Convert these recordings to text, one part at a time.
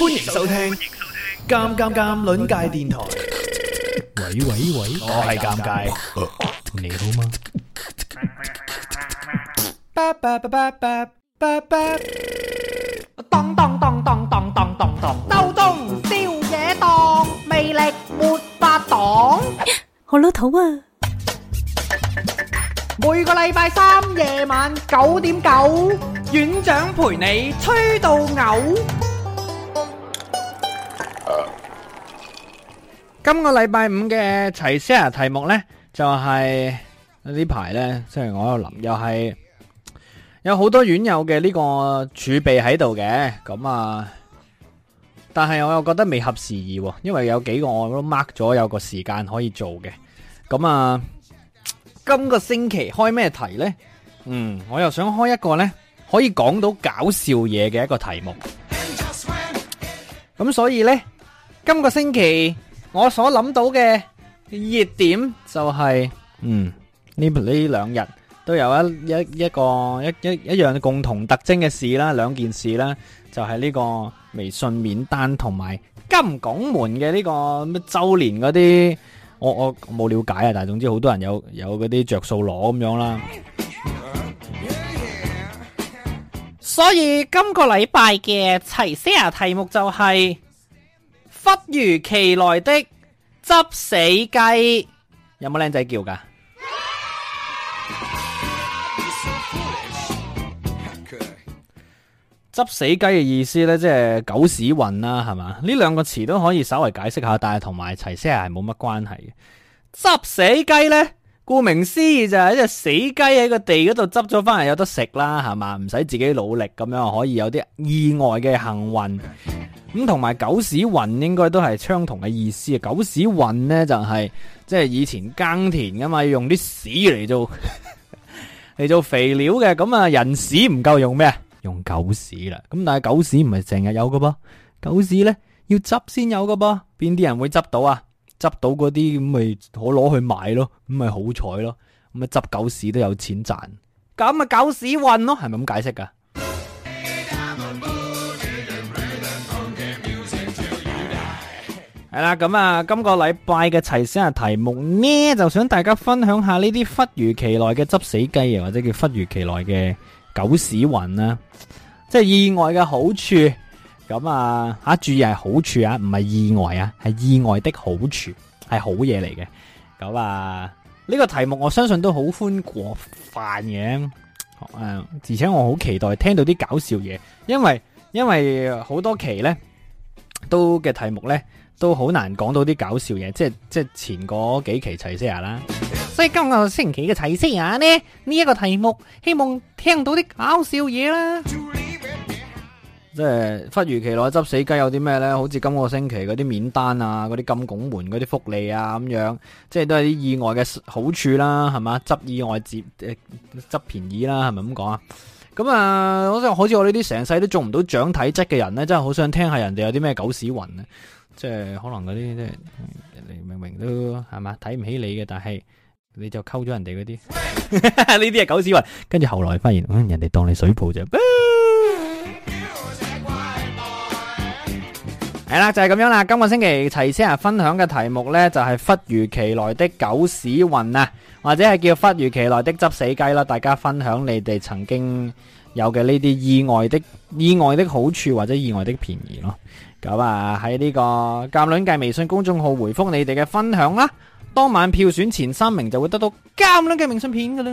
歡迎收聽《尷尷尷》鄰界電台。喂喂喂，我係尷尬，你好嗎？當當當當當當當當當，宵夜檔魅力沒法擋。好老土啊！每個禮拜三夜晚九點九，院長陪你吹到嘔。今個禮拜五嘅齊 Sir 題目呢，就係呢排呢。即係我喺度諗，又係有好多原有嘅呢個儲備喺度嘅，咁啊，但係我又覺得未合時宜，因為有幾個我都 mark 咗有個時間可以做嘅，咁啊，今個星期開咩題呢？嗯，我又想開一個呢可以講到搞笑嘢嘅一個題目。咁所以呢，今個星期。我所諗到嘅熱點就係，嗯，呢呢兩日都有一一一個一一一樣嘅共同特徵嘅事啦，兩件事啦，就係呢個微信免單同埋金拱門嘅呢個周年嗰啲，我我冇了解啊，但係總之好多人有有嗰啲着數攞咁樣啦。所以今個禮拜嘅齊些牙題目就係忽如其來的執死雞有冇靚仔叫噶？執、啊、死雞嘅意思呢，即係狗屎運啦，係嘛？呢兩個詞都可以稍微解釋下，但係同埋齊 Sir 係冇乜關係嘅。執死雞呢，顧名思義就係一隻死雞喺個地嗰度執咗翻嚟，有得食啦，係嘛？唔使自己努力咁樣，可以有啲意外嘅幸運。咁同埋狗屎運應該都係相同嘅意思啊！狗屎運咧就係、是、即係以前耕田噶嘛，要用啲屎嚟，做嚟 做肥料嘅。咁啊，人屎唔夠用咩？用狗屎啦。咁但係狗屎唔係成日有㗎噃，狗屎咧要執先有㗎噃。邊啲人會執到啊？執到嗰啲咁咪可攞去賣咯，咁咪好彩咯。咁啊，執狗屎都有錢賺。咁啊，狗屎運咯，係咪咁解釋㗎？係啦，咁啊，今個禮拜嘅齊些牙，題目呢就想大家分享下呢啲忽如其來嘅執死雞啊，或者叫忽如其來嘅狗屎運啦、啊，即係意外嘅好處。咁啊，吓注意係好處啊，唔係意外啊，係意外的好處，係好嘢嚟嘅。咁啊，呢、啊啊啊啊這個題目我相信都好寬過泛嘅，誒，而且我好期待聽到啲搞笑嘢，因為因為好多期呢。都嘅題目呢，都好難講到啲搞笑嘢，即係即係前嗰幾期齊些牙啦。所以今個星期嘅齊些牙呢，呢、這、一個題目希望聽到啲搞笑嘢啦。即係忽如其來執死雞有啲咩呢？好似今個星期嗰啲免單啊，嗰啲金拱門嗰啲福利啊咁樣，即係都係啲意外嘅好處啦，係嘛？執意外接，誒執便宜啦，係咪咁講啊？咁啊，嗯、我真係好似我呢啲成世都做唔到長體質嘅人咧，真係好想聽下人哋有啲咩狗屎運啊。即係可能嗰啲即係人哋明明都係嘛？睇唔起你嘅，但係你就溝咗人哋嗰啲，呢啲係狗屎運。跟住後來發現，嗯、人哋當你水泡啫。啊係啦，就係咁樣啦。今個星期齊些牙分享嘅題目呢，就係忽如其來的狗屎運啊，或者係叫忽如其來的執死雞啦。大家分享你哋曾經有嘅呢啲意外的意外的好處或者意外的便宜咯。咁啊，喺呢個鑑卵界微信公衆號回復你哋嘅分享啦。當晚票選前三名就會得到鑑卵嘅明信片噶啦。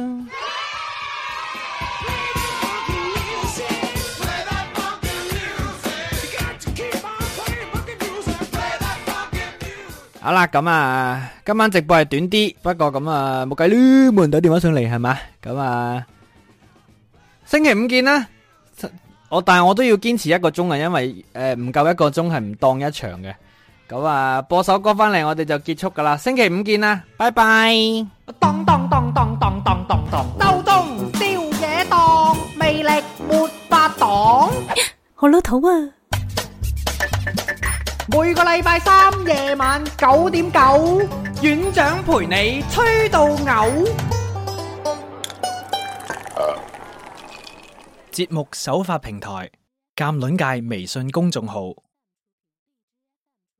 好啦，咁啊，今晚直播係短啲，不過咁啊冇計啦，門仔電話上嚟係嘛，咁啊星期五見啦，我但係我都要堅持一個鐘啊，因為誒唔夠一個鐘係唔當一場嘅，咁啊播首歌翻嚟我哋就結束噶啦，星期五見啦，拜拜。每個禮拜三夜晚九點九，院長陪你吹到嘔。節目首發平台：鑒論界微信公眾號。